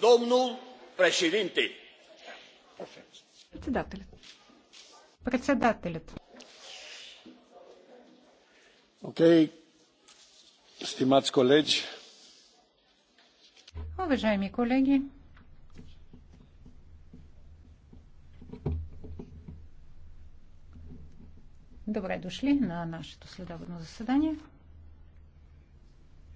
Domnul președinte. Председателят. Председателят. Окей. Okay. Стимați колеги. Уважаеми колеги, добре дошли на нашето следобедно заседание.